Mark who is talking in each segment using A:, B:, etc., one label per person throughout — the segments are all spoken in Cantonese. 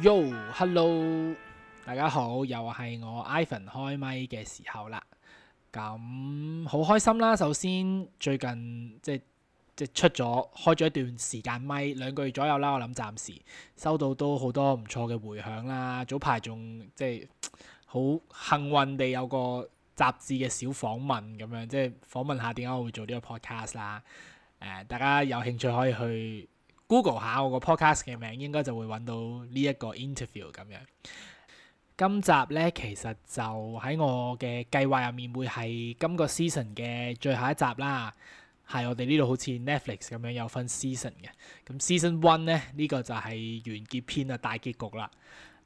A: Yo，hello，大家好，又係我 Ivan 開咪嘅時候啦。咁、嗯、好開心啦，首先最近即係即係出咗開咗一段時間咪，兩個月左右啦。我諗暫時收到都好多唔錯嘅回響啦。早排仲即係好幸運地有個雜誌嘅小訪問咁樣，即係訪問下點解我會做呢個 podcast 啦。呃，大家有興趣可以去，Google 下我個 podcast 嘅名，應該就會搵到呢一個 interview 咁樣。今集呢，其實就喺我嘅計劃入面會係今個 season 嘅最後一集啦。係我哋呢度好似 Netflix 咁樣有分 season 嘅。咁 season one 呢，呢個就係完結篇啊，大結局啦。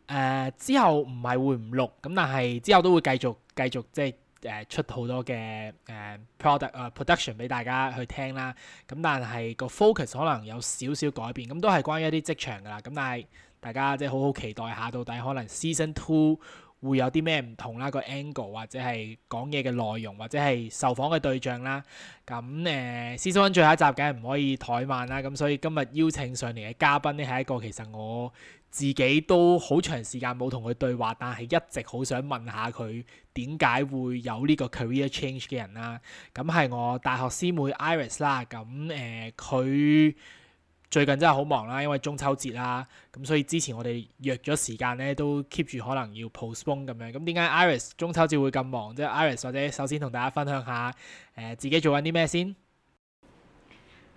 A: 呃，之後唔係會唔錄咁，但係之後都會繼續繼續即係，誒出好多嘅誒 product 啊、uh, production 俾大家去聽啦，咁但係個 focus 可能有少少改變，咁都係關於一啲職場㗎啦，咁但係大家即係好好期待下，到底可能 season two，會有啲咩唔同啦？個 angle 或者係講嘢嘅內容，或者係受訪嘅對象啦。咁誒，Season 1最後一集梗係唔可以怠慢啦。咁所以今日邀請上嚟嘅嘉賓，呢係一個其實我自己都好長時間冇同佢對話，但係一直好想問下佢點解會有呢個 career change 嘅人啦。咁係我大學師妹 Iris 啦。咁誒，佢、呃。最近真係好忙啦，因為中秋節啦，咁所以之前我哋約咗時間咧都 keep 住可能要 postpone 咁樣。咁點解 Iris 中秋節會咁忙？即係 Iris，或者首先同大家分享下誒自己做緊啲咩先。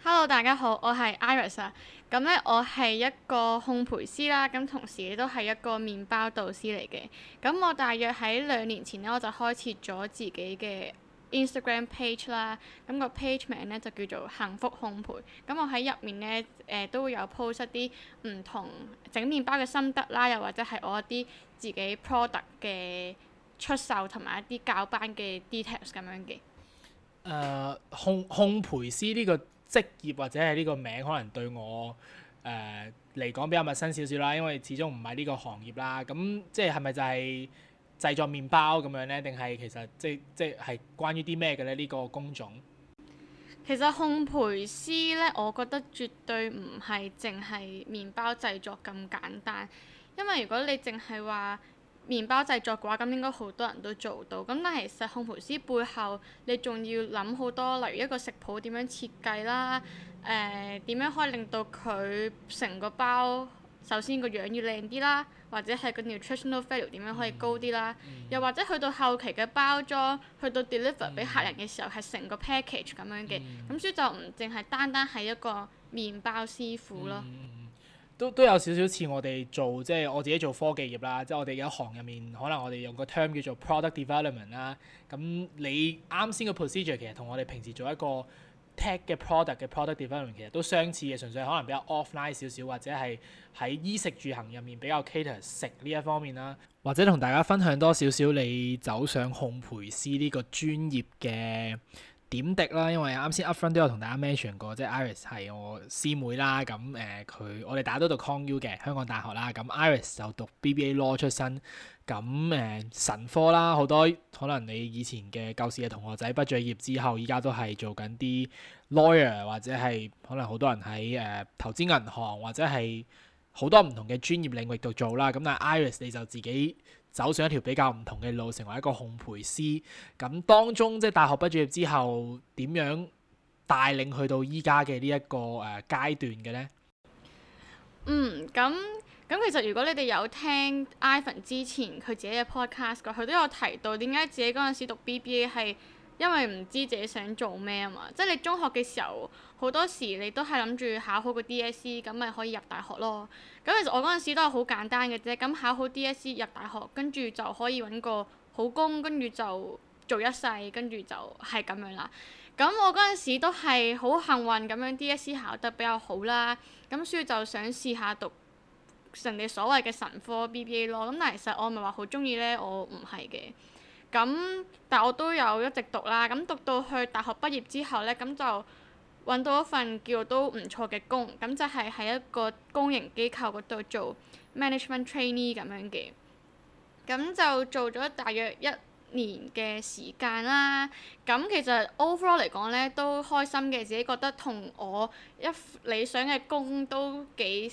B: Hello，大家好，我係 Iris 啊。咁咧，我係一個烘焙師啦，咁同時亦都係一個麵包導師嚟嘅。咁我大約喺兩年前咧，我就開設咗自己嘅。Instagram page 啦，咁個 page 名咧就叫做幸福烘焙。咁我喺入面咧，誒、呃、都會有 post 一啲唔同整麵包嘅心得啦，又或者係我一啲自己 product 嘅出售同埋一啲教班嘅 details 咁樣嘅、
A: 呃。誒，烘焙師呢個職業或者係呢個名，可能對我誒嚟講比較陌生少少啦，因為始終唔係呢個行業啦。咁即係係咪就係？製作麵包咁樣呢，定係其實即即係關於啲咩嘅呢？呢個工種
B: 其實烘焙師呢，我覺得絕對唔係淨係麵包製作咁簡單，因為如果你淨係話麵包製作嘅話，咁應該好多人都做到。咁但係實烘焙師背後，你仲要諗好多，例如一個食譜點樣設計啦，誒、呃、點樣可以令到佢成個包首先個樣要靚啲啦。或者係個 nutritional value 點樣可以高啲啦，嗯、又或者去到後期嘅包裝，去到 deliver 俾客人嘅時候係成、嗯、個 package 咁樣嘅，咁、嗯、所以就唔淨係單單係一個麵包師傅咯。嗯、
A: 都都有少少似我哋做，即、就、係、是、我自己做科技業啦，即、就、係、是、我哋有一行入面，可能我哋用個 term 叫做 product development 啦。咁你啱先個 procedure 其實同我哋平時做一個。Tech 嘅 product 嘅 product development 其實都相似嘅，純粹可能比較 offline 少少，或者係喺衣食住行入面比較 cater 食呢一方面啦，或者同大家分享多少少你走上烘焙師呢個專業嘅。點滴啦，因為啱先 upfront 都有同大家 mention 過，即係 Iris 係我師妹啦。咁誒佢我哋大家都讀 Con U 嘅香港大學啦。咁 Iris 就讀 BBA Law 出身。咁誒、呃、神科啦，好多可能你以前嘅舊時嘅同學仔畢咗業之後，依家都係做緊啲 lawyer 或者係可能好多人喺誒、呃、投資銀行或者係好多唔同嘅專業領域度做啦。咁但係 Iris 你就自己走上一條比較唔同嘅路，成為一個烘焙師。咁當中即係、就是、大學畢咗業之後，點樣帶領去到依家嘅呢一個誒階段嘅呢？
B: 嗯，咁咁其實如果你哋有聽 Ivan 之前佢自己嘅 podcast 佢都有提到點解自己嗰陣時讀 BBA 係因為唔知自己想做咩啊嘛。即、就、係、是、你中學嘅時候，好多時你都係諗住考好個 DSE 咁，咪可以入大學咯。咁其實我嗰陣時都係好簡單嘅啫，咁考好 DSE 入大學，跟住就可以揾個好工，跟住就做一世，跟住就係咁樣啦。咁我嗰陣時都係好幸運咁樣 DSE 考得比較好啦，咁所以就想試下讀成你所謂嘅神科 BBA 咯。咁但係其實我唔係話好中意呢，我唔係嘅。咁但係我都有一直讀啦，咁讀到去大學畢業之後呢，咁就～揾到一份叫都唔錯嘅工，咁就係喺一個公營機構嗰度做 management trainee 咁樣嘅，咁就做咗大約一年嘅時間啦。咁其實 overall 嚟講呢，都開心嘅，自己覺得同我一理想嘅工都幾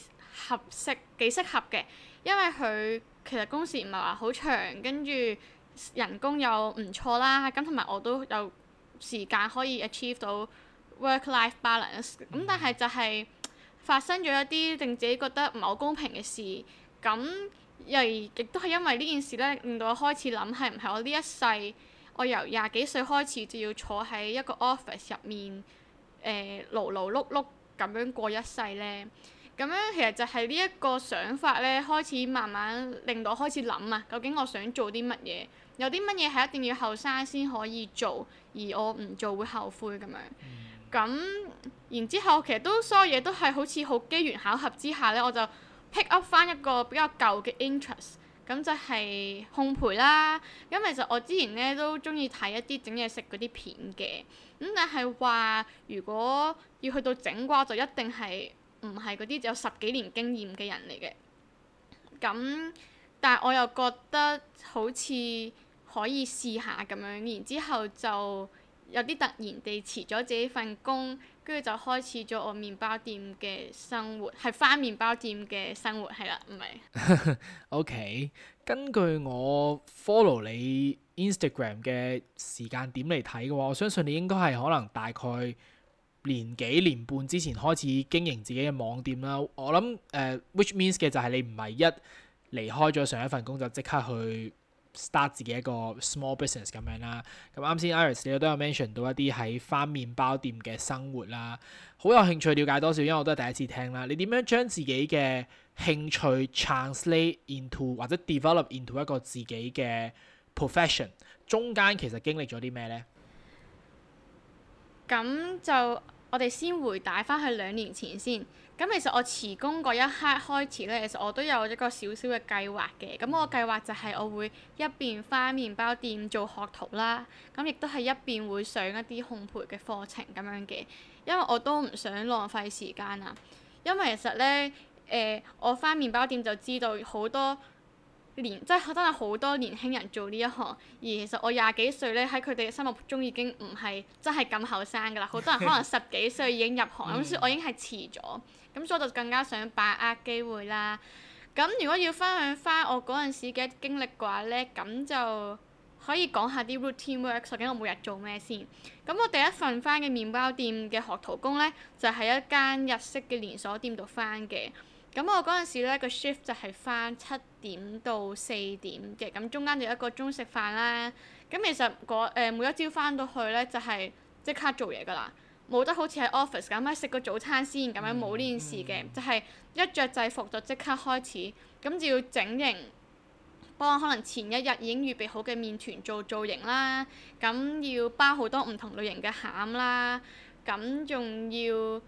B: 合適，幾適合嘅，因為佢其實工時唔係話好長，跟住人工又唔錯啦。咁同埋我都有時間可以 achieve 到。work-life balance 咁、嗯，但係就係發生咗一啲令自己覺得唔好公平嘅事，咁又亦都係因為呢件事咧，令到我開始諗係唔係我呢一世，我由廿幾歲開始就要坐喺一個 office 入面，誒、呃，勞勞碌碌咁樣過一世呢？」咁樣其實就係呢一個想法咧，開始慢慢令到我開始諗啊，究竟我想做啲乜嘢，有啲乜嘢係一定要後生先可以做，而我唔做會後悔咁樣。嗯咁然之後，其實都所有嘢都係好似好機緣巧合之下呢，我就 pick up 翻一個比較舊嘅 interest，咁就係烘焙啦。咁其實我之前呢都中意睇一啲整嘢食嗰啲片嘅，咁但係話如果要去到整嘅話，就一定係唔係嗰啲有十幾年經驗嘅人嚟嘅。咁，但係我又覺得好似可以試下咁樣，然之後就，有啲突然地辭咗自己份工，跟住就開始咗我麵包店嘅生活，係返麵包店嘅生活，係啦，唔係。
A: o、okay. K，根據我 follow 你 Instagram 嘅時間點嚟睇嘅話，我相信你應該係可能大概年幾年半之前開始經營自己嘅網店啦。我諗誒、呃、which means 嘅就係你唔係一離開咗上一份工作就即刻去。Start 自己一個 small business 咁樣啦。咁啱先，Iris 你都有 mention 到一啲喺返麵包店嘅生活啦，好有興趣了解多少，因為我都係第一次聽啦。你點樣將自己嘅興趣 translate into 或者 develop into 一個自己嘅 profession？中間其實經歷咗啲咩呢？
B: 咁就。我哋先回帶返去兩年前先，咁其實我辭工嗰一刻開始咧，其實我都有一個小小嘅計劃嘅。咁我計劃就係我會一邊返麵包店做學徒啦，咁亦都係一邊會上一啲烘焙嘅課程咁樣嘅，因為我都唔想浪費時間啊。因為其實咧，誒、呃、我返麵包店就知道好多年即係真係好多年輕人做呢一行，而其實我廿幾歲咧，喺佢哋嘅心目中已經唔係真係咁後生㗎啦。好多人可能十幾歲已經入行，咁 所以我已經係遲咗，咁所以我就更加想把握機會啦。咁如果要分享翻我嗰陣時嘅經歷嘅話咧，咁就可以講下啲 routine work，究竟我每日做咩先？咁我第一份翻嘅麵包店嘅學徒工咧，就喺一間日式嘅連鎖店度翻嘅。咁我嗰陣時咧，個 shift 就係返七點到四點嘅，咁中間就一個鐘食飯啦。咁其實嗰、呃、每一朝返到去咧，就係、是、即刻做嘢噶啦，冇得好似喺 office 咁樣食個早餐先咁樣冇呢件事嘅，嗯嗯、就係一着制服就即刻開始，咁就要整形，幫可能前一日已經預備好嘅麵團做造型啦，咁要包好多唔同類型嘅餡啦，咁仲要。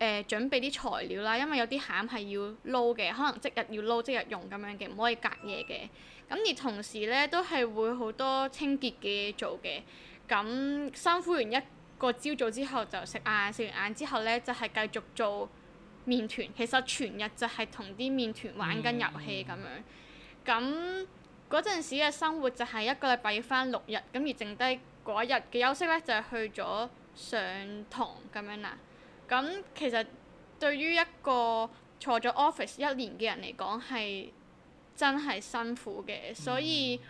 B: 誒、呃、準備啲材料啦，因為有啲餡係要撈嘅，可能即日要撈即日用咁樣嘅，唔可以隔夜嘅。咁而同時呢，都係會好多清潔嘅嘢做嘅。咁辛苦完一個朝早之後就，就食晏；食完晏之後呢，就係、是、繼續做麵團。其實全日就係同啲麵團玩緊遊戲咁樣。咁嗰陣時嘅生活就係一個禮拜要返六日，咁而剩低嗰一日嘅休息呢，就係、是、去咗上堂咁樣啦。咁其實對於一個坐咗 office 一年嘅人嚟講，係真係辛苦嘅，嗯、所以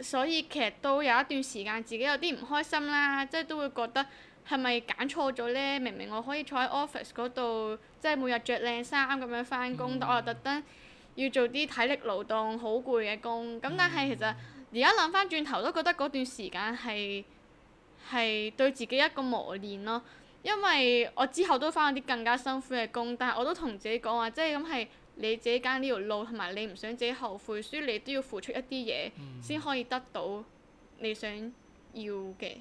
B: 所以其實都有一段時間自己有啲唔開心啦，即係都會覺得係咪揀錯咗呢？明明我可以坐喺 office 嗰度，即係每日着靚衫咁樣返工，嗯、但我又特登要做啲體力勞動，好攰嘅工。咁但係其實而家諗翻轉頭，都覺得嗰段時間係係對自己一個磨練咯。因為我之後都返咗啲更加辛苦嘅工，但係我都同自己講話，即係咁係你自己揀呢條路，同埋你唔想自己後悔，所以你都要付出一啲嘢，先可以得到你想要嘅。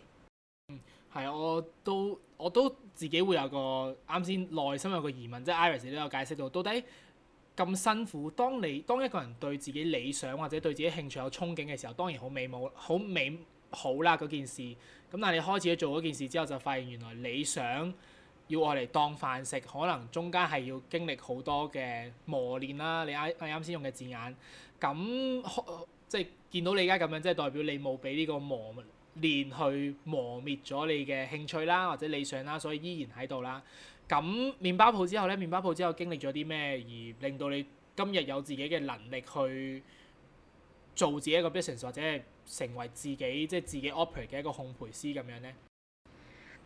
B: 嗯，
A: 係，我都我都自己會有個啱先，內心有個疑問，即係 Iris 都有解釋到，到底咁辛苦，當你當一個人對自己理想或者對自己興趣有憧憬嘅時候，當然好美滿，好美。好啦，嗰件事，咁但係你開始咗做嗰件事之後，就發現原來你想要愛嚟當飯食，可能中間係要經歷好多嘅磨練啦。你啱啱先用嘅字眼，咁即係見到你而家咁樣，即係代表你冇俾呢個磨練去磨滅咗你嘅興趣啦，或者理想啦，所以依然喺度啦。咁麵包鋪之後呢，麵包鋪之後經歷咗啲咩，而令到你今日有自己嘅能力去做自己一個 business 或者成為自己即係自己 operate 嘅一個烘焙師咁樣呢？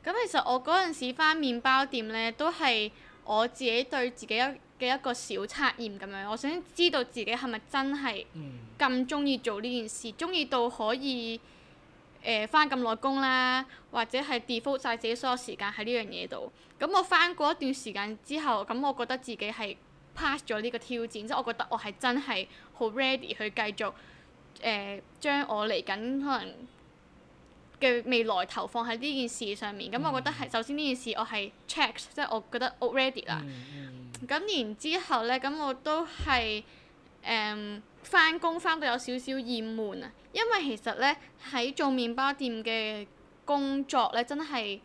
B: 咁其實我嗰陣時返麵包店呢，都係我自己對自己一嘅一個小測驗咁樣。我想知道自己係咪真係咁中意做呢件事，中意、嗯、到可以誒返咁耐工啦，或者係 default 晒自己所有時間喺呢樣嘢度。咁我返過一段時間之後，咁我覺得自己係 pass 咗呢個挑戰，即係我覺得我係真係好 ready 去繼續。誒、呃，將我嚟緊可能嘅未來投放喺呢件事上面，咁、嗯、我覺得係首先呢件事，我係 checked，即係我覺得 ready 啦。咁、嗯嗯、然之後咧，咁我都係誒返工返到有少少厭悶啊，因為其實咧喺做麵包店嘅工作咧，真係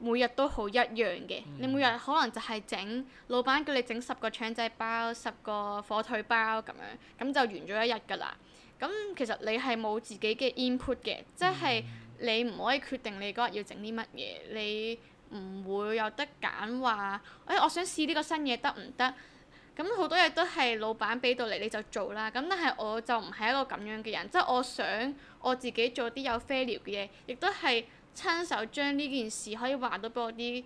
B: 每日都好一樣嘅。嗯、你每日可能就係整老闆叫你整十個腸仔包、十個火腿包咁樣，咁就完咗一日㗎啦。咁其實你係冇自己嘅 input 嘅，即係你唔可以決定你嗰日要整啲乜嘢，你唔會有得揀話，哎，我想試呢個新嘢得唔得？咁好多嘢都係老闆俾到你，你就做啦。咁但係我就唔係一個咁樣嘅人，即係我想我自己做啲有 feasible 嘅嘢，亦都係親手將呢件事可以話到俾我啲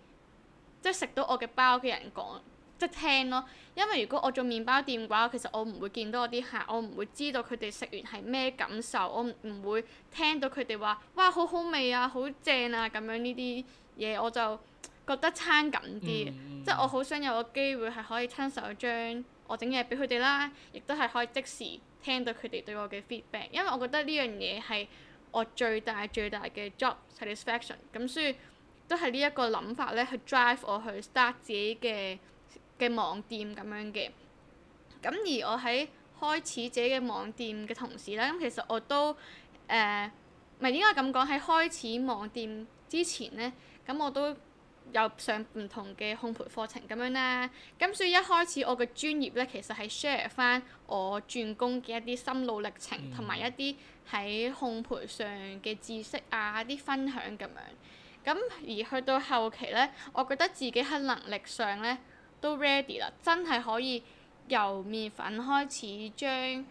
B: 即係食到我嘅包嘅人講。即聽咯，因為如果我做麵包店嘅話，其實我唔會見到我啲客，我唔會知道佢哋食完係咩感受，我唔會聽到佢哋話，哇好好味啊，好正啊咁樣呢啲嘢，我就覺得爭緊啲。嗯、即我好想有個機會係可以親手將我整嘢俾佢哋啦，亦都係可以即時聽到佢哋對我嘅 feedback，因為我覺得呢樣嘢係我最大最大嘅 job satisfaction。咁所以都係呢一個諗法咧，去 drive 我去 start 自己嘅。嘅網店咁樣嘅，咁而我喺開始自己嘅網店嘅同時咧，咁其實我都誒，唔、呃、係應該咁講，喺開始網店之前咧，咁我都有上唔同嘅烘焙課程咁樣啦。咁所以一開始我嘅專業咧，其實係 share 翻我轉工嘅一啲心路歷程，同埋、嗯、一啲喺烘焙上嘅知識啊啲分享咁樣。咁而去到後期咧，我覺得自己喺能力上咧，都 ready 啦，真係可以由麵粉開始將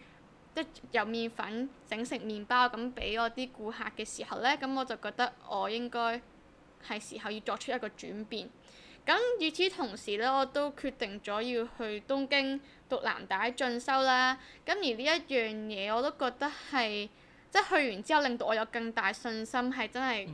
B: 即由麵粉整成麵包咁俾我啲顧客嘅時候咧，咁我就覺得我應該係時候要作出一個轉變。咁與此同時咧，我都決定咗要去東京讀南大進修啦。咁而呢一樣嘢我都覺得係即係去完之後令到我有更大信心，係真係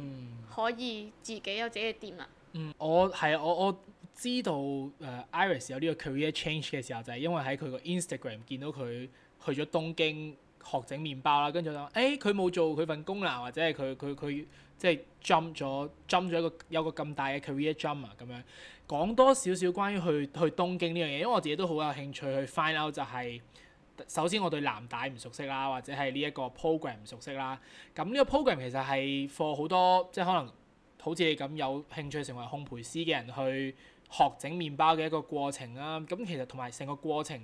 B: 可以自己有自己嘅店啦。嗯，
A: 我係我我。我知道誒 Iris 有呢個 career change 嘅時候，就係、是、因為喺佢個 Instagram 見到佢去咗東京學整麵包啦，跟住就話誒佢冇做佢份工啦，或者係佢佢佢即係 jump 咗 jump 咗一個有個咁大嘅 career jump 啊，咁樣講多少少關於去去東京呢樣嘢，因為我自己都好有興趣去 find out 就係、是、首先我對藍帶唔熟悉啦，或者係呢一個 program 唔熟悉啦。咁呢個 program 其實係 for 好多，即係可能好似你咁有興趣成為烘焙師嘅人去。學整麵包嘅一個過程啦、啊，咁其實同埋成個過程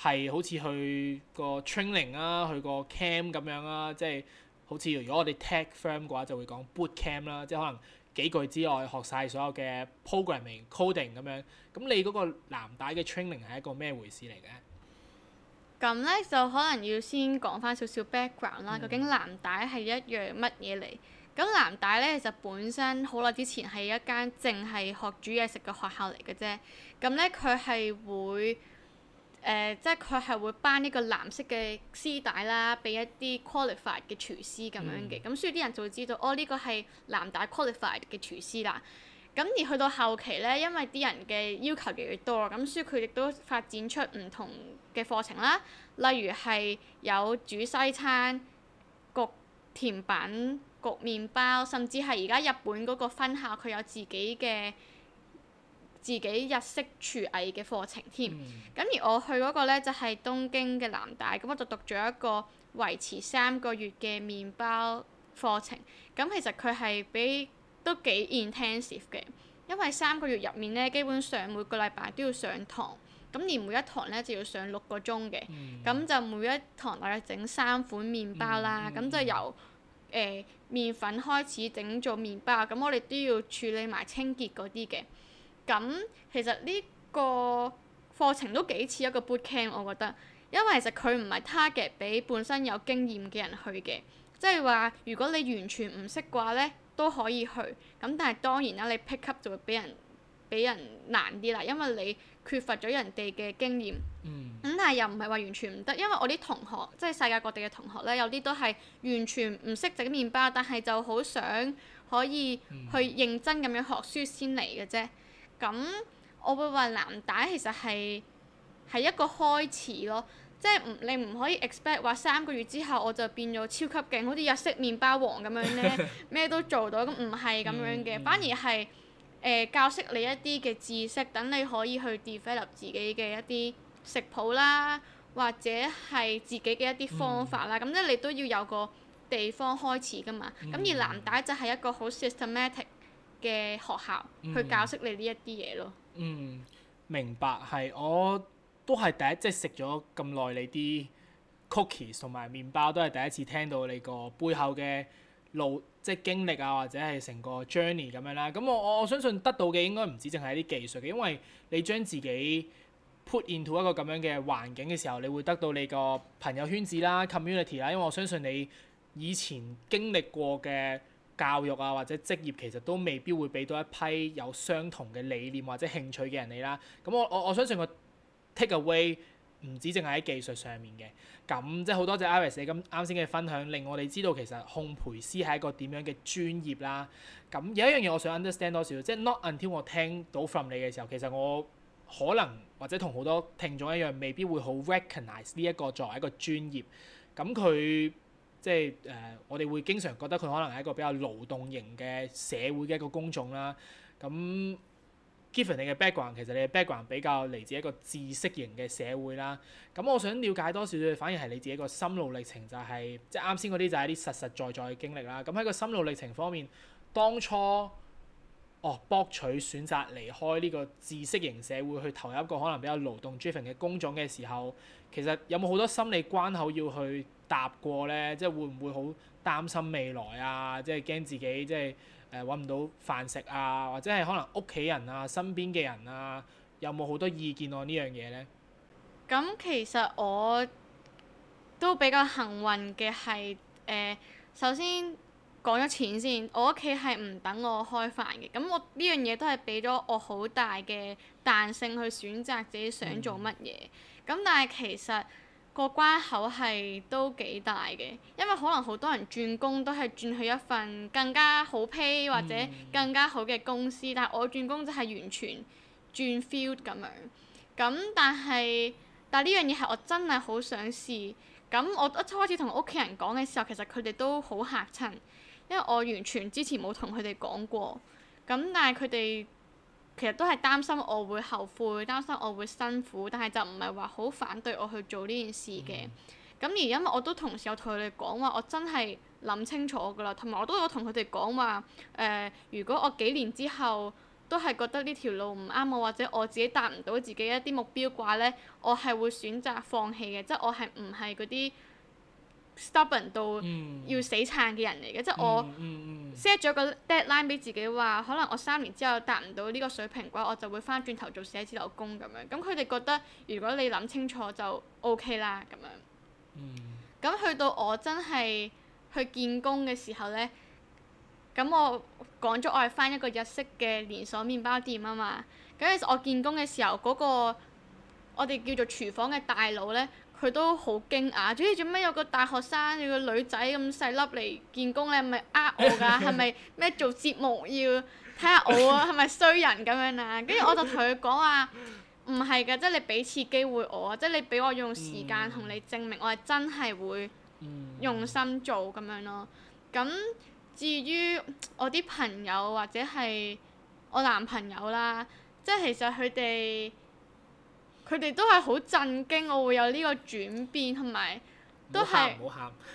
A: 係好似去個 training 啦、啊，去個 camp 咁樣啦、啊，即係好似如果我哋 tech firm 嘅話，就會講 boot camp 啦，即係可能幾句之外學晒所有嘅 programming coding 咁樣。咁你嗰個藍帶嘅 training 係一個咩回事嚟嘅？
B: 咁呢就可能要先講翻少少 background 啦，究竟藍帶係一樣乜嘢嚟？嗯咁藍帶咧，其實本身好耐之前係一間淨係學煮嘢食嘅學校嚟嘅啫。咁咧，佢係會，誒、呃，即係佢係會頒呢個藍色嘅絲帶啦，俾一啲 qualified 嘅廚師咁樣嘅。咁、嗯、所以啲人就會知道，哦，呢個係藍帶 qualified 嘅廚師啦。咁而去到後期咧，因為啲人嘅要求越嚟越多，咁所以佢亦都發展出唔同嘅課程啦，例如係有煮西餐、焗甜品。焗麵包，甚至係而家日本嗰個分校，佢有自己嘅自己日式廚藝嘅課程添。咁、嗯、而我去嗰個呢就係、是、東京嘅南大，咁我就讀咗一個維持三個月嘅麵包課程。咁其實佢係比都幾 intensive 嘅，因為三個月入面呢，基本上每個禮拜都要上堂。咁而每一堂呢，就要上六個鐘嘅，咁、嗯、就每一堂大約整三款麵包啦。咁、嗯嗯嗯、就由誒，麵、呃、粉開始整做麵包，咁我哋都要處理埋清潔嗰啲嘅。咁其實呢個課程都幾似一個 boot camp，我覺得，因為其實佢唔係 target 俾本身有經驗嘅人去嘅，即係話如果你完全唔識嘅話咧，都可以去。咁但係當然啦，你 pick up 就會俾人。俾人難啲啦，因為你缺乏咗人哋嘅經驗。咁、嗯、但係又唔係話完全唔得，因為我啲同學即係世界各地嘅同學咧，有啲都係完全唔識整麵包，但係就好想可以去認真咁樣學書先嚟嘅啫。咁、嗯、我會話藍帶其實係係一個開始咯，即係唔你唔可以 expect 話三個月之後我就變咗超級勁，好似日式麵包王咁樣咧，咩、嗯、都做到。咁唔係咁樣嘅，嗯嗯、反而係。誒、呃、教識你一啲嘅知識，等你可以去 develop 自己嘅一啲食譜啦，或者係自己嘅一啲方法啦。咁咧、嗯、你都要有個地方開始噶嘛。咁、嗯、而藍帶就係一個好 systematic 嘅學校、嗯、去教識你呢一啲嘢咯。嗯。
A: 嗯，明白。係，我都係第一，即係食咗咁耐你啲 cookies 同埋麵包，都係第一次聽到你個背後嘅。路即係經歷啊，或者係成個 journey 咁樣啦。咁、嗯、我我我相信得到嘅應該唔止淨係啲技術嘅，因為你將自己 put into 一個咁樣嘅環境嘅時候，你會得到你個朋友圈子啦、community 啦。因為我相信你以前經歷過嘅教育啊，或者職業其實都未必會俾到一批有相同嘅理念或者興趣嘅人你啦。咁、嗯、我我我相信個 take away。唔止淨係喺技術上面嘅，咁即係好多謝 Iris 咁啱先嘅分享，令我哋知道其實烘焙師係一個點樣嘅專業啦。咁有一樣嘢我想 understand 多少，即係 not until 我聽到 from 你嘅時候，其實我可能或者同好多聽眾一樣，未必會好 recognize 呢一個作為一個專業。咁佢即係誒、呃，我哋會經常覺得佢可能係一個比較勞動型嘅社會嘅一個工種啦。咁 Given 你嘅 background，其實你嘅 background 比較嚟自一個知識型嘅社會啦。咁、嗯、我想了解多少少，反而係你自己、就是一，實實在在嗯、一個心路歷程，就係即係啱先嗰啲就係一啲實實在在嘅經歷啦。咁喺個心路歷程方面，當初哦，博取選擇離開呢個知識型社會，去投入一個可能比較勞動 driving 嘅工種嘅時候，其實有冇好多心理關口要去答過咧，即係會唔會好擔心未來啊？即係驚自己即係誒揾唔到飯食啊，或者係可能屋企人啊、身邊嘅人啊，有冇好多意見我呢樣嘢咧？
B: 咁其實我都比較幸運嘅係誒，首先講咗錢先，我屋企係唔等我開飯嘅，咁我呢樣嘢都係俾咗我好大嘅彈性去選擇自己想做乜嘢。咁、嗯、但係其實個關口係都幾大嘅，因為可能好多人轉工都係轉去一份更加好 pay 或者更加好嘅公司，嗯、但係我轉工就係完全轉 field 咁樣。咁但係，但呢樣嘢係我真係好想試。咁、嗯、我一開始同屋企人講嘅時候，其實佢哋都好嚇親，因為我完全之前冇同佢哋講過。咁、嗯、但係佢哋，其實都係擔心我會後悔，擔心我會辛苦，但係就唔係話好反對我去做呢件事嘅。咁、嗯嗯、而因為我都同時有同佢哋講話，我真係諗清楚㗎喇，同埋我都有同佢哋講話，誒、呃，如果我幾年之後都係覺得呢條路唔啱我，或者我自己達唔到自己一啲目標嘅話咧，我係會選擇放棄嘅，即、就、係、是、我係唔係嗰啲 stubborn 到要死撐嘅人嚟嘅，嗯、即係是我 set 咗、嗯嗯嗯、個 deadline 俾自己話，可能我三年之後達唔到呢個水平嘅話，我就會翻轉頭做寫字樓工咁樣。咁佢哋覺得如果你諗清楚就 OK 啦咁樣。咁、嗯、去到我真係去見工嘅時候呢，咁我講咗我係翻一個日式嘅連鎖麵包店啊嘛。咁其實我見工嘅時候嗰、那個我哋叫做廚房嘅大佬呢。佢都好驚訝，總之做咩有個大學生，有個女仔咁細粒嚟見工，你係咪呃我㗎？係咪咩做節目要睇下我啊？係咪衰人咁樣啊？跟住我就同佢講話，唔係㗎，即係你俾次機會我，即係你俾我用時間同你證明，我係真係會用心做咁樣咯。咁至於我啲朋友或者係我男朋友啦，即係其實佢哋。佢哋都係好震驚我會有呢個轉變，同埋都係我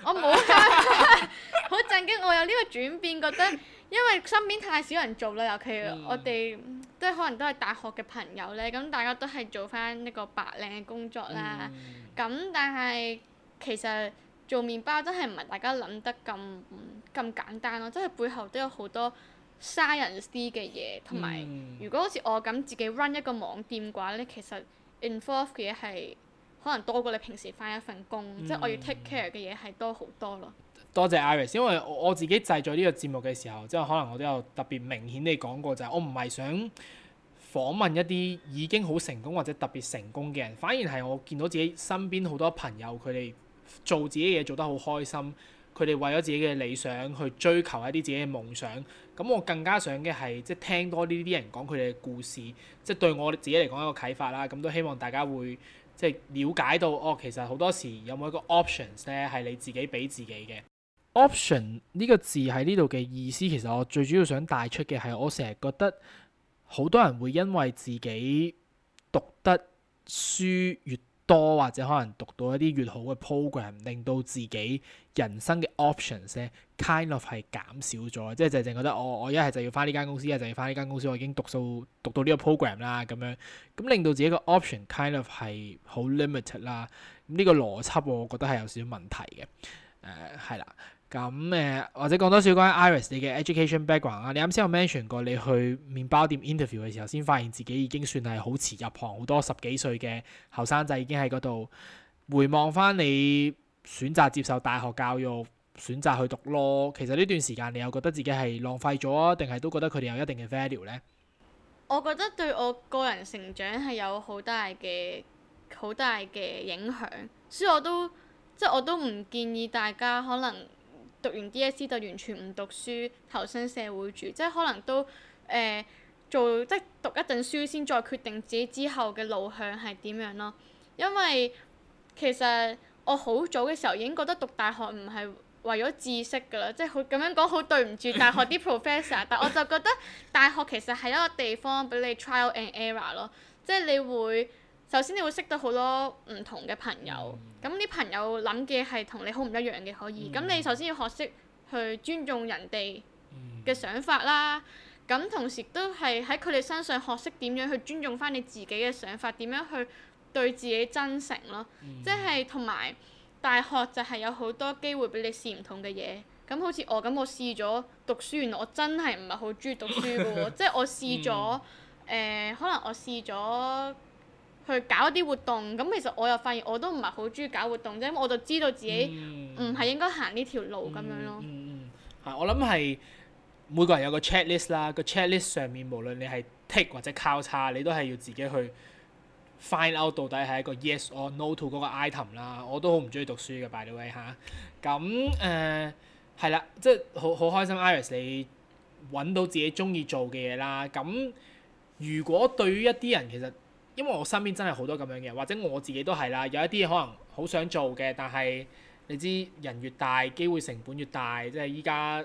B: 冇好 震驚我有呢個轉變，覺得因為身邊太少人做啦，尤其我哋都、嗯、可能都係大學嘅朋友咧，咁大家都係做翻呢個白領嘅工作啦。咁、嗯、但係其實做麵包真係唔係大家諗得咁咁、嗯、簡單咯，真係背後都有好多 science 啲嘅嘢，同埋如果好似我咁自己 run 一個網店嘅話咧，其實～involve 嘅嘢係可能多過你平時翻一份工，即係我要 take care 嘅嘢係多好多咯。
A: 多謝 Iris，因為我自己製作呢個節目嘅時候，即係可能我都有特別明顯地講過就係我唔係想訪問一啲已經好成功或者特別成功嘅人，反而係我見到自己身邊好多朋友佢哋做自己嘅嘢做得好開心，佢哋為咗自己嘅理想去追求一啲自己嘅夢想。咁我更加想嘅係即係聽多呢啲人講佢哋嘅故事，即係對我自己嚟講一個啟發啦。咁都希望大家會即係了解到，哦，其實好多時有冇一個 options 咧，係你自己俾自己嘅 option。呢個字喺呢度嘅意思，其實我最主要想帶出嘅係我成日覺得好多人會因為自己讀得書越多，或者可能讀到一啲越好嘅 program，令到自己人生嘅 options 咧。kind of 係減少咗，即係就係覺得我我一係就要翻呢間公司，一係就要翻呢間公司，我已經讀數讀到呢個 program 啦，咁樣咁令到自己個 option kind of 係好 limited 啦。咁呢個邏輯我覺得係有少少問題嘅。誒、呃、係啦，咁誒、呃、或者多講多少關於 Iris 你嘅 education background 啊？你啱先有 mention 過你去麵包店 interview 嘅時候，先發現自己已經算係好遲入行，好多十幾歲嘅後生仔已經喺嗰度。回望翻你選擇接受大學教育。選擇去讀咯，其實呢段時間你又覺得自己係浪費咗啊，定係都覺得佢哋有一定嘅 value 呢？
B: 我覺得對我個人成長係有好大嘅好大嘅影響，所以我都即係我都唔建議大家可能讀完 DSE 就完全唔讀書，投身社會住，即係可能都誒、呃、做即係讀一陣書先再決定自己之後嘅路向係點樣咯，因為其實我好早嘅時候已經覺得讀大學唔係。為咗知識㗎啦，即係好咁樣講好對唔住大學啲 professor， 但我就覺得大學其實係一個地方俾你 trial and error 咯，即係你會首先你會識到好多唔同嘅朋友，咁啲、嗯、朋友諗嘅係同你好唔一樣嘅可以，咁、嗯、你首先要學識去尊重人哋嘅想法啦，咁、嗯、同時都係喺佢哋身上學識點樣去尊重翻你自己嘅想法，點樣去對自己真誠咯，嗯、即係同埋。大學就係有好多機會俾你試唔同嘅嘢，咁好似我咁，我試咗讀書，原來我真係唔係好中意讀書嘅喎， 嗯、即係我試咗，誒、呃，可能我試咗去搞一啲活動，咁其實我又發現我都唔係好中意搞活動啫，咁我就知道自己唔係應該行呢條路咁樣咯、嗯。
A: 嗯，我諗係每個人有個 checklist 啦，個 checklist 上面無論你係 take 或者交叉，你都係要自己去。find out 到底係一個 yes or no to 嗰個 item 啦，我都好唔中意讀書嘅，by the way 吓、啊，咁誒係啦，即係好好開心，Iris 你揾到自己中意做嘅嘢啦。咁如果對於一啲人其實，因為我身邊真係好多咁樣嘅，或者我自己都係啦，有一啲可能好想做嘅，但係你知人越大機會成本越大，即係依家。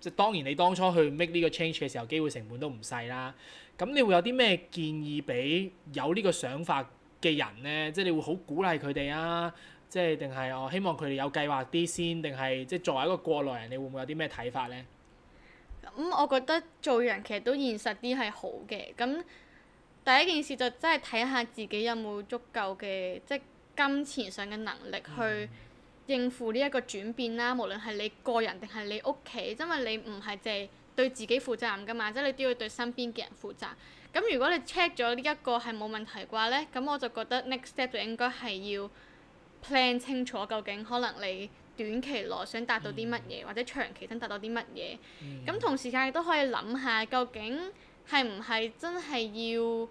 A: 即係當然，你當初去 make 呢個 change 嘅時候，機會成本都唔細啦。咁你會有啲咩建議俾有呢個想法嘅人呢？即係你會好鼓勵佢哋啊？即係定係我希望佢哋有計劃啲先？定係即係作為一個過來人，你會唔會有啲咩睇法呢？
B: 咁、嗯、我覺得做人其實都現實啲係好嘅。咁第一件事就真係睇下自己有冇足夠嘅即係金錢上嘅能力去、嗯。應付呢一個轉變啦，無論係你個人定係你屋企，因為你唔係淨係對自己負責任噶嘛，即係你都要對身邊嘅人負責。咁如果你 check 咗呢一個係冇問題嘅話呢，咁我就覺得 next step 就應該係要 plan 清楚究竟可能你短期內想達到啲乜嘢，嗯、或者長期想達到啲乜嘢。咁、嗯、同時間亦都可以諗下，究竟係唔係真係要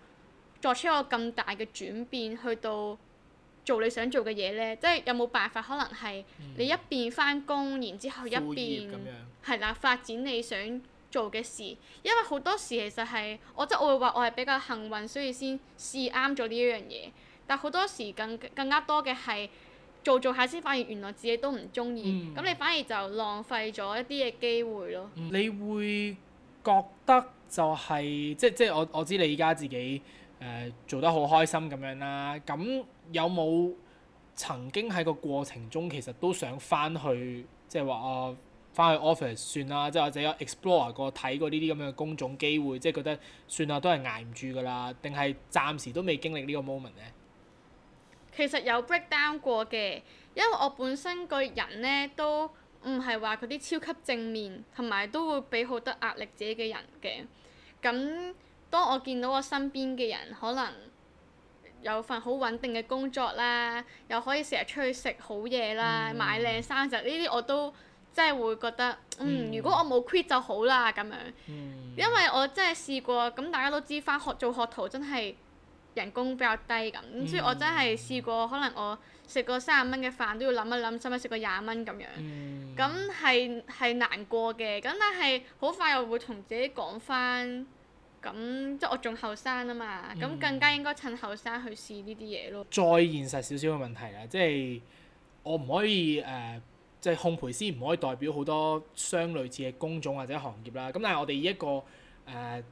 B: 作出一個咁大嘅轉變去到做你想做嘅嘢呢，即係有冇辦法？可能係你一邊翻工，嗯、然之後一邊係啦，發展你想做嘅事。因為好多時其實係我即係我會話我係比較幸運，所以先試啱咗呢一樣嘢。但好多時更更加多嘅係做做下先，發現原來自己都唔中意。咁、嗯、你反而就浪費咗一啲嘅機會咯。
A: 你會覺得就係、是、即即係我我知你而家自己。誒、呃、做得好開心咁樣啦，咁有冇曾經喺個過程中其實都想翻去，即係話啊翻去 office 算啦，即係或者有 explore 過睇過呢啲咁樣嘅工種機會，即係覺得算啦，都係捱唔住噶啦，定係暫時都未經歷呢個 moment 呢？
B: 其實有 breakdown 過嘅，因為我本身個人呢都唔係話嗰啲超級正面，同埋都會畀好多壓力自己嘅人嘅，咁。當我見到我身邊嘅人，可能有份好穩定嘅工作啦，又可以成日出去食好嘢啦，嗯、買靚衫就呢啲我都真係會覺得，嗯，嗯，如果我冇 quit 就好啦咁樣，嗯、因為我真係試過，咁大家都知翻學做學徒真係人工比較低咁，咁、嗯、所以我真係試過，可能我食個三十蚊嘅飯都要諗一諗，使唔使食個廿蚊咁樣，咁係係難過嘅，咁但係好快又會同自己講翻。咁即係我仲後生啊嘛，咁更加應該趁後生去試呢啲嘢咯。
A: 再現實少少嘅問題啦，即係我唔可以誒，即、呃、係、就是、烘焙師唔可以代表好多相類似嘅工種或者行業啦。咁但係我哋以一個誒、呃、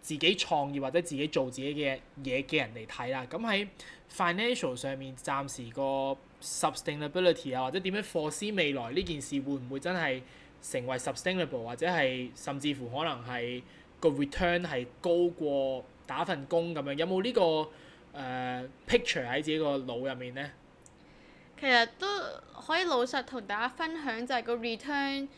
A: 自己創業或者自己做自己嘅嘢嘅人嚟睇啦。咁喺 financial 上面，暫時個 sustainability 啊，或者點樣考慮未來呢件事會唔會真係成為 sustainable，或者係甚至乎可能係個 return 係高過打份工咁樣，有冇呢個 picture 喺自己個腦入面呢？
B: 其實都可以老實同大家分享，就係個 return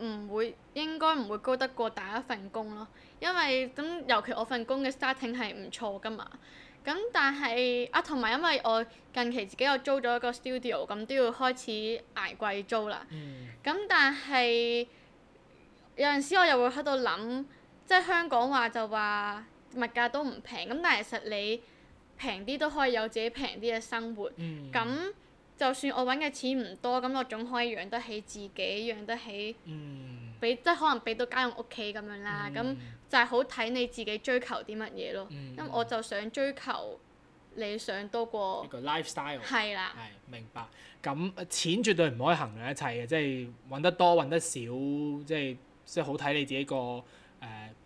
B: 唔會應該唔會高得過打一份工咯。因為咁尤其我份工嘅 starting 係唔錯噶嘛。咁但係啊，同埋因為我近期自己又租咗一個 studio，咁都要開始捱貴租啦。咁但係有陣時我又會喺度諗。即係香港話就話物價都唔平咁，但係其實你平啲都可以有自己平啲嘅生活。咁、嗯、就算我揾嘅錢唔多，咁我總可以養得起自己，養得起，俾、嗯、即係可能俾到家用屋企咁樣啦。咁、嗯、就係好睇你自己追求啲乜嘢咯。咁、嗯、我就想追求理想
A: 多過一個 lifestyle 係啦，係，明白。咁錢絕對唔可以衡量一切嘅，即係揾得多揾得少，即係即係好睇你自己個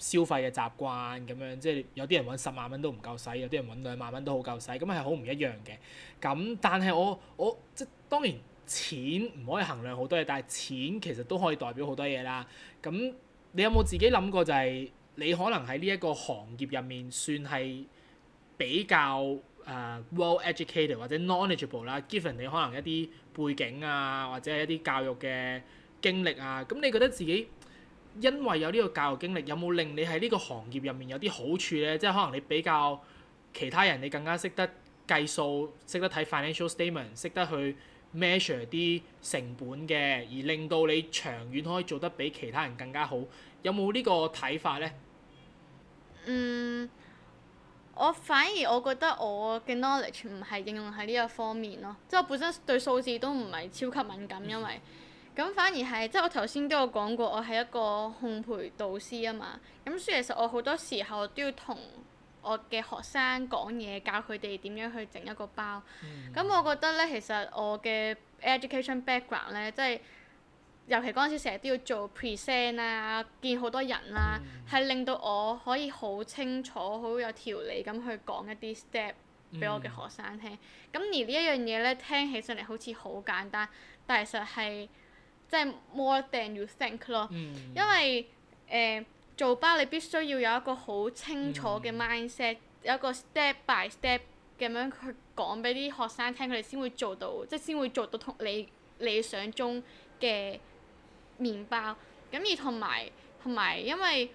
A: 消費嘅習慣咁樣，即係有啲人揾十萬蚊都唔夠使，有啲人揾兩萬蚊都好夠使，咁係好唔一樣嘅。咁但係我我即係當然錢唔可以衡量好多嘢，但係錢其實都可以代表好多嘢啦。咁你有冇自己諗過就係、是、你可能喺呢一個行業入面算係比較誒、uh, well educated 或者 knowledgeable 啦，given 你可能一啲背景啊，或者係一啲教育嘅經歷啊，咁你覺得自己？因為有呢個教育經歷，有冇令你喺呢個行業入面有啲好處呢？即係可能你比較其他人，你更加識得計數，識得睇 financial statement，識得去 measure 啲成本嘅，而令到你長遠可以做得比其他人更加好。有冇呢個睇法呢？嗯，
B: 我反而我覺得我嘅 knowledge 唔係應用喺呢一方面咯，即係我本身對數字都唔係超級敏感，因為、嗯。咁反而係，即係我頭先都有講過，我係一個烘焙導師啊嘛。咁所以其實我好多時候都要同我嘅學生講嘢，教佢哋點樣去整一個包。咁、嗯、我覺得咧，其實我嘅 education background 咧，即係尤其嗰陣時成日都要做 present 啊，見好多人啦、啊，係、嗯、令到我可以好清楚、好有條理咁去講一啲 step 俾、嗯、我嘅學生聽。咁而呢一樣嘢咧，聽起上嚟好似好簡單，但其實係。即係 more than you think 咯，mm hmm. 因為誒、呃、做包你必須要有一個好清楚嘅 mindset，mm hmm. 有一個 step by step 咁樣去講俾啲學生聽，佢哋先會做到，即係先會做到同你理想中嘅麵包。咁、嗯、而同埋同埋，因為。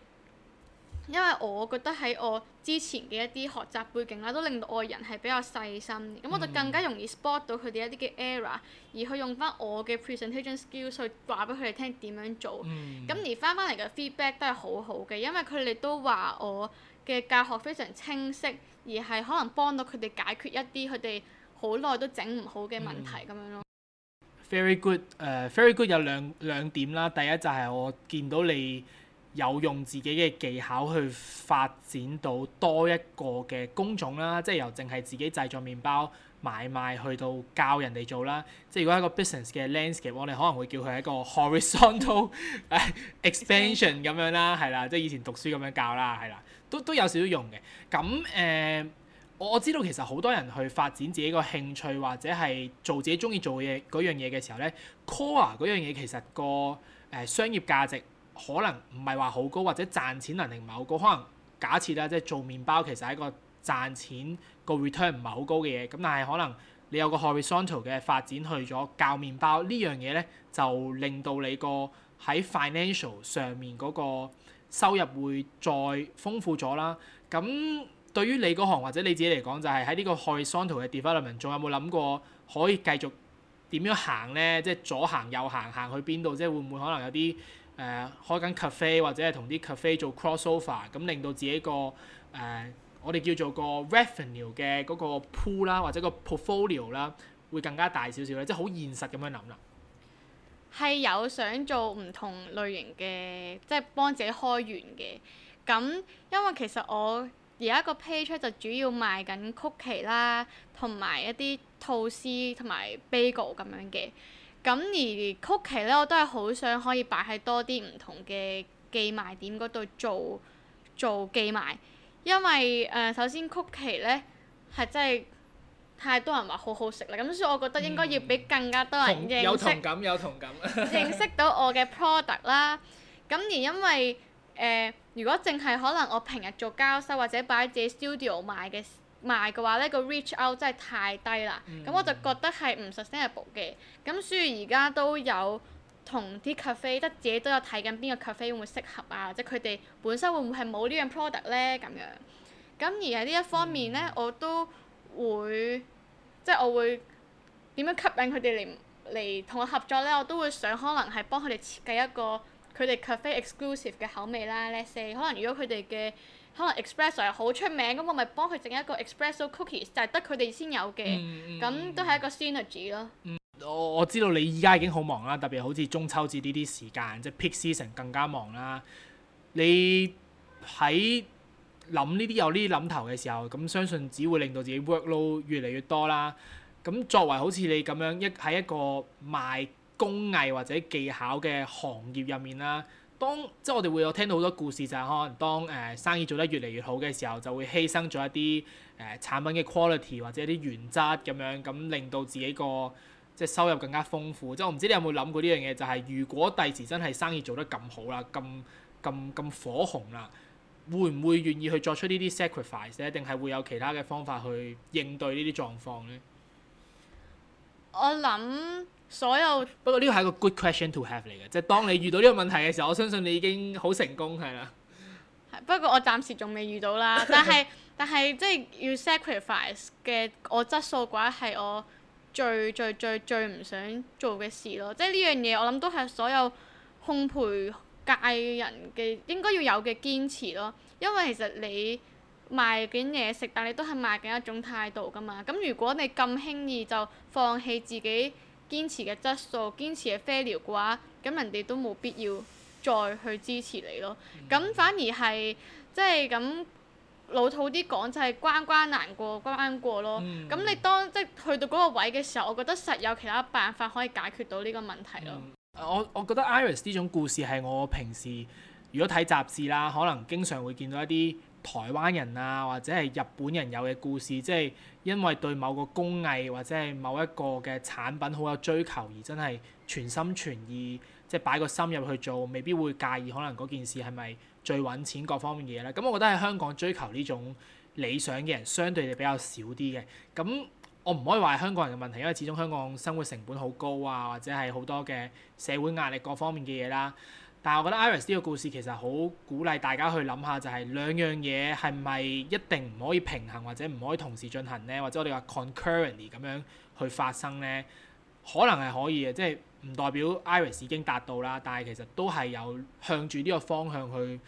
B: 因為我覺得喺我之前嘅一啲學習背景啦，都令到我嘅人係比較細心，咁、嗯嗯、我就更加容易 spot 到佢哋一啲嘅 error，而佢用翻我嘅 presentation skills 去話俾佢哋聽點樣做，咁、嗯、而翻翻嚟嘅 feedback 都係好好嘅，因為佢哋都話我嘅教學非常清晰，而係可能幫到佢哋解決一啲佢哋好耐都整唔好嘅問題，咁、嗯、樣咯。
A: Very good，誒、uh，very good 有兩兩點啦，第一就係我見到你，有用自己嘅技巧去發展到多一個嘅工種啦，即係由淨係自己製作麵包買賣去到教人哋做啦。即係如果係一個 business 嘅 landscape，我哋可能會叫佢係一個 horizontal、 uh, expansion 咁樣啦，係啦，即係以前讀書咁樣教啦，係啦，都都有少少用嘅。咁誒、呃，我知道其實好多人去發展自己個興趣或者係做自己中意做嘢嗰樣嘢嘅時候呢，core 嗰樣嘢其實個誒、呃、商業價值。可能唔係話好高，或者賺錢能力唔係好高。可能假設啦，即係做麵包其實係一個賺錢個 return 唔係好高嘅嘢。咁但係可能你有個 horizontal 嘅發展去咗教麵包樣呢樣嘢咧，就令到你個喺 financial 上面嗰個收入會再豐富咗啦。咁對於你嗰行或者你自己嚟講就，就係喺呢個 horizontal 嘅 development，仲有冇諗過可以繼續點樣行咧？即係左行右行行去邊度？即係會唔會可能有啲，誒、呃、開緊 cafe 或者係同啲 cafe 做 crossover，咁令到自己個誒、呃、我哋叫做個 revenue 嘅嗰個 pool 啦，或者個 portfolio 啦，會更加大少少咧，即係好現實咁樣諗啦。係
B: 有想做唔同類型嘅，即、就、係、是、幫自己開源嘅。咁因為其實我而家個 page 就主要賣緊曲奇啦，同埋一啲吐司同埋 bagel 咁樣嘅。咁而曲奇咧，我都係好想可以擺喺多啲唔同嘅寄賣點度做做寄賣，因為誒、呃、首先曲奇咧係真係太多人話好好食啦，咁所以我覺得應該要俾更加多人認識有、嗯、同
A: 感，有同感，
B: 同感 認識到我嘅 product 啦。咁而因為誒、呃、如果淨係可能我平日做交收或者擺自己 studio 賣嘅。賣嘅話咧，個 reach out 真係太低啦，咁、嗯、我就覺得係唔 sustainable 嘅，咁所以而家都有同啲 cafe 得自己都有睇緊邊個 cafe 會唔會適合啊，即係佢哋本身會唔會係冇呢樣 product 咧咁樣，咁而喺呢一方面咧，嗯、我都會即係我會點樣吸引佢哋嚟嚟同我合作咧，我都會想可能係幫佢哋設計一個佢哋 cafe exclusive 嘅口味啦，Let's say，可能如果佢哋嘅可能 expresso 又好出名咁，我咪幫佢整一個 expresso cookies，就係得佢哋先有嘅，咁、嗯嗯、都係一個 synergy 咯、嗯。
A: 我我知道你而家已經好忙啦，特別好似中秋節呢啲時間，即係 peak season 更加忙啦。你喺諗呢啲有呢啲諗頭嘅時候，咁相信只會令到自己 work load 越嚟越多啦。咁作為好似你咁樣一喺一個賣工藝或者技巧嘅行業入面啦。當即係我哋會有聽到好多故事、就是，就係可能當誒、呃、生意做得越嚟越好嘅時候，就會犧牲咗一啲誒、呃、產品嘅 quality 或者一啲原則咁樣，咁令到自己個即係收入更加豐富。即係我唔知你有冇諗過呢樣嘢，就係、是、如果第時真係生意做得咁好啦，咁咁咁火紅啦，會唔會願意去作出呢啲 sacrifice 咧？定係會有其他嘅方法去應對呢啲狀況咧？
B: 我諗。
A: 所有，不過呢個係一個 good question to have 嚟嘅，即係當你遇到呢個問題嘅時候，我相信你已經好成功係啦。
B: 不過我暫時仲未遇到啦， 但係但係即係要 sacrifice 嘅我質素嘅話，係我最最最最唔想做嘅事咯。即係呢樣嘢我諗都係所有烘焙界的人嘅應該要有嘅堅持咯。因為其實你賣緊嘢食，但你都係賣緊一種態度㗎嘛。咁如果你咁輕易就放棄自己，堅持嘅質素，堅持嘅 failure 嘅話，咁人哋都冇必要再去支持你咯。咁、嗯、反而係即係咁老土啲講就係、是、關關難過關過咯。咁、嗯、你當即係去到嗰個位嘅時候，我覺得實有其他辦法可以解決到呢個問題
A: 咯。嗯、我我覺得 Iris 呢種故事係我平時如果睇雜誌啦，可能經常會見到一啲。台灣人啊，或者係日本人有嘅故事，即係因為對某個工藝或者係某一個嘅產品好有追求，而真係全心全意即係擺個心入去做，未必會介意可能嗰件事係咪最揾錢各方面嘅嘢咧。咁、嗯、我覺得喺香港追求呢種理想嘅人，相對地比較少啲嘅。咁、嗯、我唔可以話係香港人嘅問題，因為始終香港生活成本好高啊，或者係好多嘅社會壓力各方面嘅嘢啦。但係我覺得 Iris 呢個故事其實好鼓勵大家去諗下，就係兩樣嘢係咪一定唔可以平衡或者唔可以同時進行呢？或者我哋話 concurrently 咁樣去發生呢？可能係可以嘅，即係唔代表 Iris 已經達到啦。但係其實都係有向住呢個方向去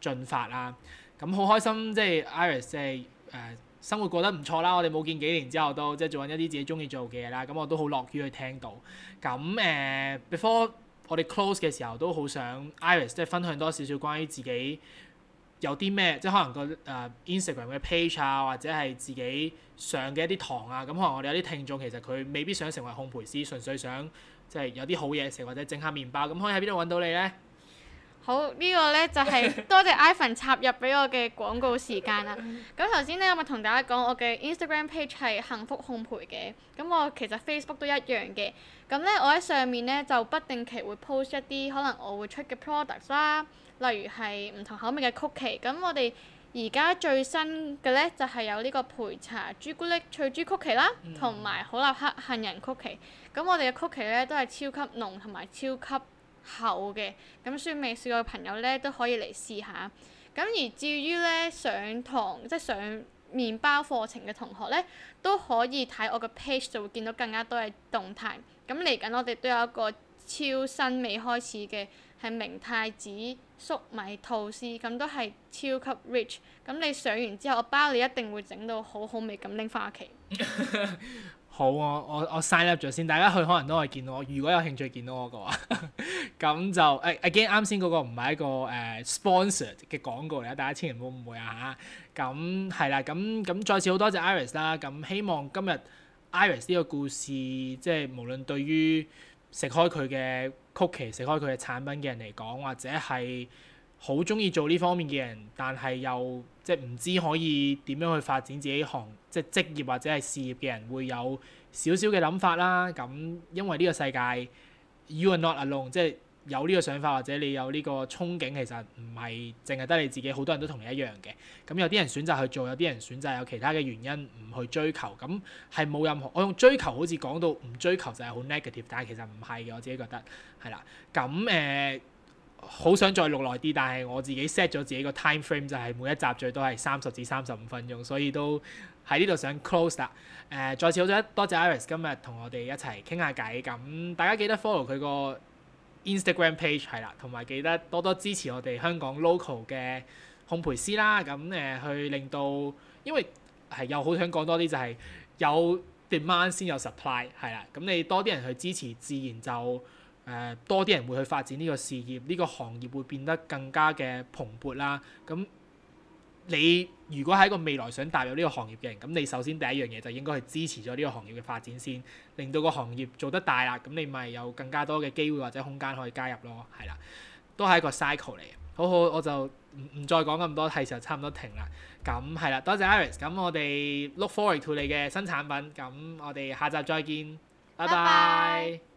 A: 進發啦。咁好開心，即係 Iris 即係誒生活過得唔錯啦。我哋冇見幾年之後都即係做緊一啲自己中意做嘅嘢啦。咁我都好樂於去聽到。咁誒 Before。我哋 close 嘅時候都好想 Iris 即係分享多少少關於自己有啲咩，即係可能個誒、呃、Instagram 嘅 page 啊，或者係自己上嘅一啲堂啊。咁、嗯、可能我哋有啲聽眾其實佢未必想成為烘焙師，純粹想即係有啲好嘢食或者整下麵包。咁、嗯嗯、可以喺邊度揾到你呢？
B: 好，呢、這個呢就係、是、多謝 Ivan 插入俾我嘅廣告時間啦。咁頭先呢，我咪同大家講，我嘅 Instagram page 係幸福烘焙嘅。咁我其實 Facebook 都一樣嘅。咁呢，我喺上面呢就不定期會 post 一啲可能我會出嘅 products 啦。例如係唔同口味嘅曲奇。咁我哋而家最新嘅呢就係、是、有呢個焙茶朱古力脆珠曲，曲奇啦，同埋好立克杏仁曲奇。咁我哋嘅曲奇呢都係超級濃同埋超級厚嘅，咁所以未試過嘅朋友呢都可以嚟試下。咁而至於呢上堂即係上麵包課程嘅同學呢都可以睇我個 page 就會見到更加多嘅動態。咁嚟緊我哋都有一個超新未開始嘅係明太子粟米吐司，咁都係超級 rich。咁你上完之後，我包你一定會整到好好味咁拎翻屋企。
A: 好，我我我 sign up 咗先，大家去可能都係見到我。如果有興趣見到我嘅話， 咁就誒 again 啱先嗰個唔係一個誒、呃、sponsor 嘅廣告嚟，大家千祈唔好誤會啊吓，咁係啦，咁咁再次好多謝 Iris 啦。咁希望今日 Iris 呢個故事，即係無論對於食開佢嘅曲奇、食開佢嘅產品嘅人嚟講，或者係好中意做呢方面嘅人，但係又即係唔知可以點樣去發展自己行即係職業或者係事業嘅人會有少少嘅諗法啦。咁因為呢個世界，you are not alone，即係有呢個想法或者你有呢個憧憬，其實唔係淨係得你自己，好多人都同你一樣嘅。咁有啲人選擇去做，有啲人選擇有其他嘅原因唔去追求，咁係冇任何。我用追求好似講到唔追求就係好 negative，但係其實唔係嘅，我自己覺得係啦。咁誒。呃好想再錄耐啲，但係我自己 set 咗自己個 time frame 就係、是、每一集最多係三十至三十五分鐘，所以都喺呢度想 close 啦。誒、呃，再次好多謝 Iris 今日同我哋一齊傾下偈。咁、嗯、大家記得 follow 佢個 Instagram page 係啦，同埋記得多多支持我哋香港 local 嘅烘焙師啦。咁、嗯、誒、呃，去令到因為係又好想講多啲，就係有 demand 先有 supply 係啦。咁你多啲人去支持，自然就～誒，多啲人會去發展呢個事業，呢個行業會變得更加嘅蓬勃啦。咁你如果係一個未來想踏入呢個行業嘅人，咁你首先第一樣嘢就應該去支持咗呢個行業嘅發展先，令到個行業做得大啦。咁你咪有更加多嘅機會或者空間可以加入咯。係啦，都係一個 cycle 嚟嘅。好好，我就唔唔再講咁多，係時候差唔多停啦。咁係啦，多謝 Iris。咁我哋 look forward to 你嘅新產品。咁我哋下集再見。拜拜。拜拜。